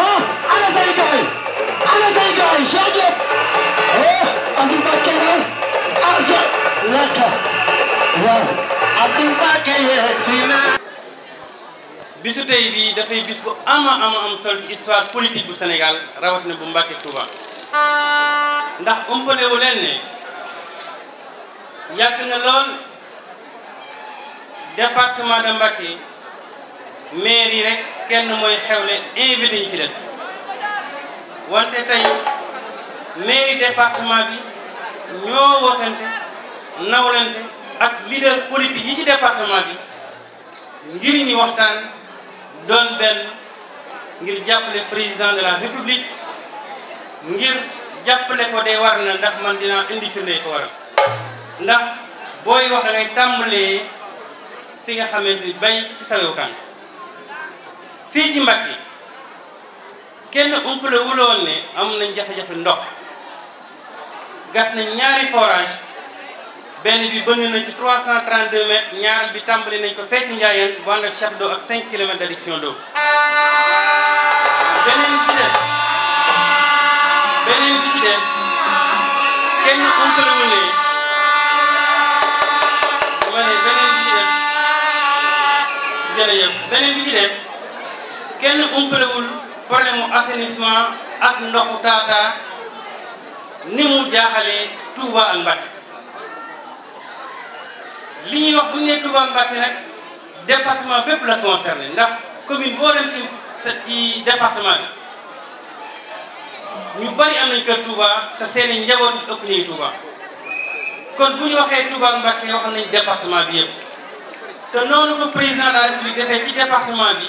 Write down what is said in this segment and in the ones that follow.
ah ana say gaay ana say gaay Cheikh Diop ah Abdou Mbacké ah lakka waaw Abdou Mbacké yeesina bisu tey bi dafay bis bu ama ama am solo histoire politique bu Sénégal rawatina bu Mbacké Touba ndax umpale wu leen ne yàgg na lool département de Mbacké maire yi rek kenn mooy xewle invité ñu ci des wante tey mairie département bi ñoo wootante nawlante ak leader politique yi ci département bi ngir ñu waxtaan doon benn ngir jàppale président de la république ngir jàppale ko dee war na ndax man dinaa indi firnde ko waral ndax booy wax da ngay tàmbalee fi nga xamante ni bay ci sawew tànk fii ci Mbacké kenn umpale wuloon ne am nañ jafe-jafe ndox gas nañ ñaari forage benn bi bënn na ci 332 mètres ñaar bi tàmbali nañ ko fee ci Ndiayène bu ànd ak château d'eau ak 5 kilomètres d'adduction d'eau beneen bi ci des beneen bi ci des ne dama ne beneen bi ci des kenn umpalewul problème assainissement ak ndoxu Tata ni mu jaaxalee Touba ak Mbacké li ñuy wax bu ñu nee Touba Mbacké nag département bépp la concerné ndax commune boo dem ci sa ci département bi ñu bari am nañ kër Touba te seen i njaboot yi ëpp nañu Touba kon bu ñu waxee Touba ak Mbacké wax nañ département bi yëpp te noonu ko président de la République defee ci département bi.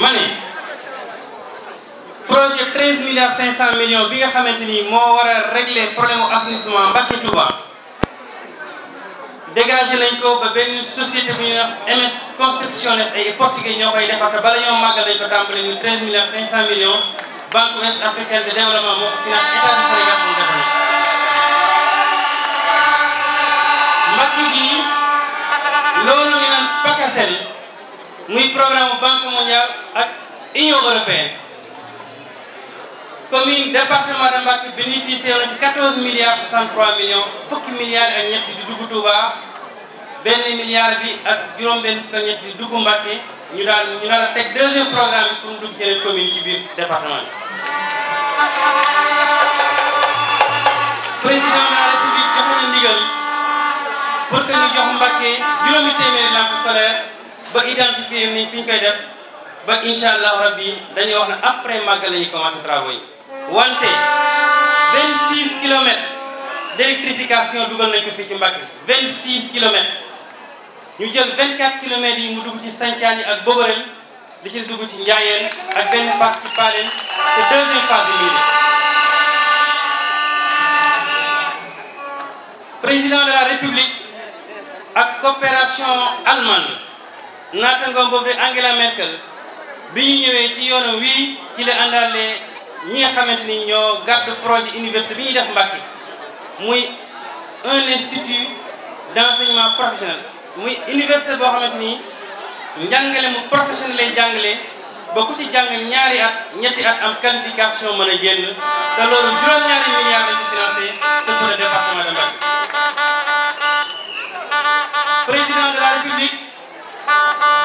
ma ne projet treize milliards cinq cent millions bi nga xamante ni moo war a régler problème mu assainissement Mbacké Touba dégagé nañ ko ba benn société bu ñuy wax MS Construcciones ay portugais ñoo koy defar te bala ñoo màggal dañ ko tàmbale ñu milliards cent millions banque ouest africaine de développement moo ko financé état du Sénégal mu defal Mbacké gi loolu ñu naan Pakasel muy programme banque mondiale ak union européenne commune département de Mbacké bénéficié na 14 milliards 63 millions fukki milliards ak ñett di dugg Touba milliards milliard bi ak juróom nous fukk ak ñett Mbacké ñu ñu deuxième programme pour nous soutenir ci commune ci département président de la république joxe na ndigal pour que ñu jox Mbacké juróomi téeméeri lampe solaire ba identifier ni fiñ ñu koy def ba inshallah rabbi après màggal la commencé travaux yi wante 26 km d'électrification électrification dugal nañ ko fi ci 26 km. Nous jël 24 km yi mu dugg ci Sancaan yi ak Boborel li ci dugg ci ak deuxième phase yi président de la république ak coopération allemande naatangoom boobu di Angela Merkel bi ñu ñëwee ci yoonu wii ci la àndaale ñi nga xamante ni ñoo gàddu projet université bi ñuy def Mbàkke muy un institut d'enseignement professionnel muy université boo xamante ni njàngale mu professionnel lay jàngale ba ku ci jàng ñaari at ñetti at am qualification mën a génn te loolu juróom-ñaari milliards lañu financé te pour le département de Mbacké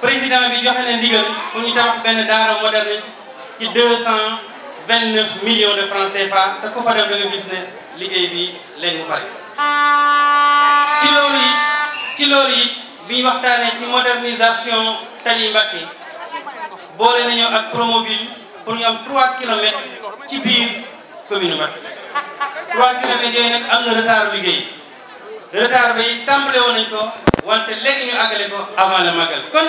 président bi joxe na ndigal pour ñu tax benn daara moderne ci 229 millions de francs CFA te ku fa dem da nga gis ne liggéey bi lañ mu pare. ci loolu it ci loolu it bi ñu waxtaanee ci modernisation tali Mbacké boole nañu ak promobile pour ñu am 3 kilomètres ci biir commune Mbacké 3 kilomètres yooyu nag am na retard liggéey. retard ba yi tàmbale woon nañ ko wante léegi ñu àggale ko avant le magal kon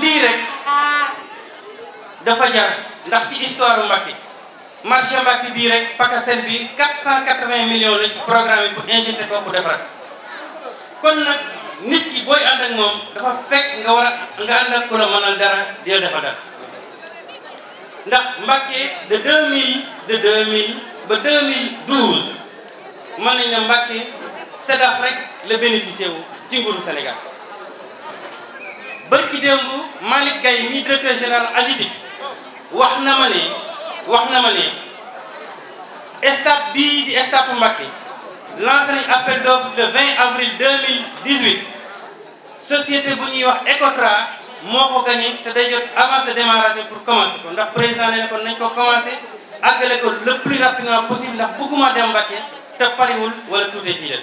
lii rek dafa jar ndax ci histoire Mbacké marché Mbacké bii rek PACASEN bi 480 millions la ci programme yi pour injecté ko pour defaraat kon nag nit ki booy ànd ak moom dafa fekk nga war a nga ànd ak ku la mënal dara deel dafa dara ndax Mbacké de 2000 de 2000 ba 2012 mën nañ ne Mbacké SEDAF rek le bénéficié wu ci les Sénégal barki dembu Malik Gaye mi directeur général AGETIC wax na ma ne wax ma ne stade bi di stade Mbacké lancé appel d'offre le 20 avril 2018 société bu wax Ecotra moko gagné day jot avance de démarrer pour commencer ko ndax président né na kon nañ ko commencer agalé ko le plus rapidement possible ndax bëgguma dem Mbacké té pariwul wala touté ci des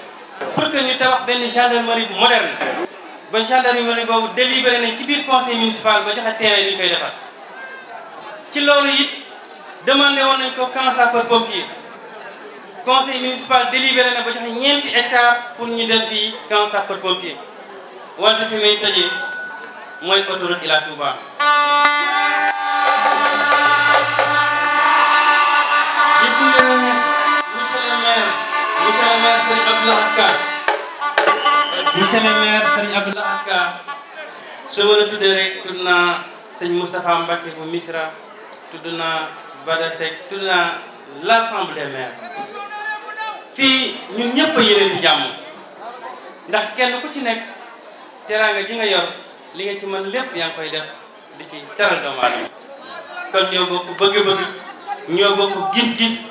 pour que ñu tabax benn gendarmerie moderne ba gendarmerie boobu délibéré nañ ci biir conseil municipal ba joxe terrain bi ñu koy defar ci loolu it demandé woon nañ ko camp sapeur-pompier conseil municipal délibéré na ba joxe ñeenti hectare pour ñu def fii camp sapeur-pompier wante fi may tëjee mooy autoroute Ila Touba gis monsieur le maire Serigne Abdou Lahad Ka monsieur le a rek tudd naa sëñ Moustapha Mbacké bu Misra tudd naa Bada Seck tudd naa l'assemblée maire fii ñun ñëpp a yéene jàmm ndax kenn ku ci nekk teraanga ji nga yor li nga ci mën lépp yaa ngi koy def di ci teral doomu aadama kon ñoo bokk bëgg-bëgg ñoo bokk gis-gis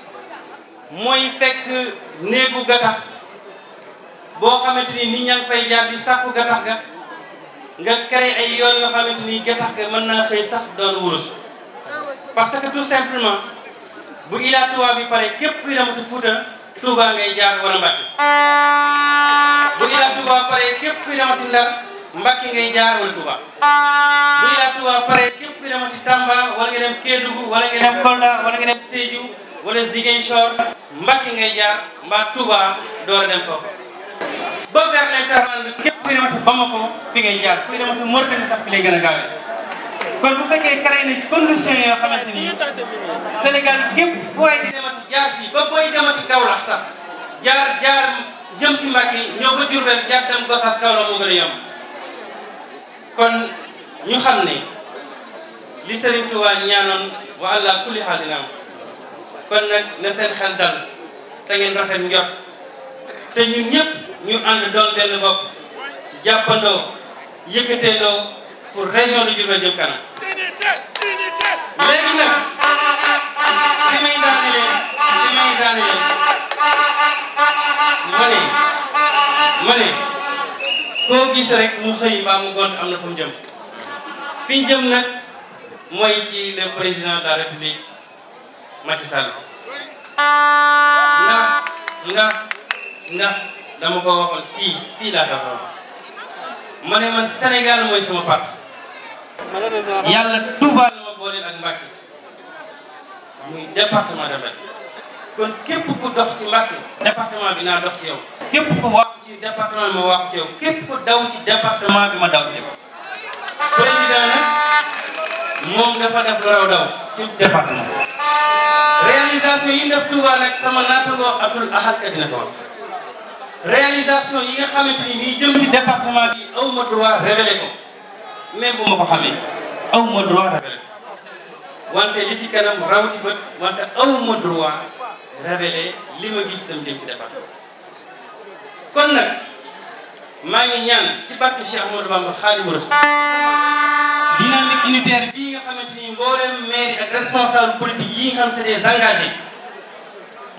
mooy fekk néegu gattax boo xamante ni nit ñaa ngi fay jaar di sàkku gattax ga nga créé ay yoon yoo xamante ni gattax ga mën naa fay sax doon wurus parce que tout simplement bu Ila Touba bi pare képp kuy demati Fuuta Touba ngay jaar wala Mbàkke bu Ila Touba pare képp kuy demati Ndar Mbàkke ngay jaar wala Touba bu Ila Touba pare képp kuy demati Tamba wala nga dem Kédougou wala nga dem Kolda wala nga dem Sédhiou wala Ziguinchor Mbacke ngay jaar mbaa Touba door a dem foofu. ba vers l'intervalle képp kuy demati Bamako fi ngay jaar kuy demati Mauritanie gën a gaawee kon bu fekkee créé na condition yoo xamante ni Sénégal gépp booy di demati jaar fii ba booy demati Kaolack sax jaar jaar jëm si Mbacke ñoo ba Diourbel jaar dem Gossas Kaolack moo gën a yomb kon ñu xam ne li Serigne Touba ñaanoon wa allah kulli xaal kon nag na seen xel dal te ngeen rafet njot te ñun ñëpp ñu ànd doon benn bopp jàppandoo yëkkateendoo pour région de kanam léegi nag fi gis rek mu xëy mbaa mu gont am na fa mu jëm fi jëm nag mooy ci le président de la république Macky Sall ndax ah. ndax ndax dama ko waxoon fii fii laa taxaw ma ne man Sénégal mooy sama parti yàlla Touba la ma booleel ak Mbacké muy département de Mbacké kon képp ku dox ci Mbacké département bi naa dox ci yow képp ku wax ci département ma wax ci yow képp ku daw ci département ma daw ci yow président nag daw ci département réalisation yi def Touba nag sama nattangoo Abdoul Ahad yi nga xamante ni bii jëm si département bi aw ma droit révélé ko même bu ma ko xamee révélé ko wante li ci kanam rawati bët wante aw li ma gis tam jëm ci département maa ngi ñaan ci barke Cheikh Ahmadou Bamba Khadimu bii nga xamante ni mbooleem maire responsable politique yi nga xam c'est des engagés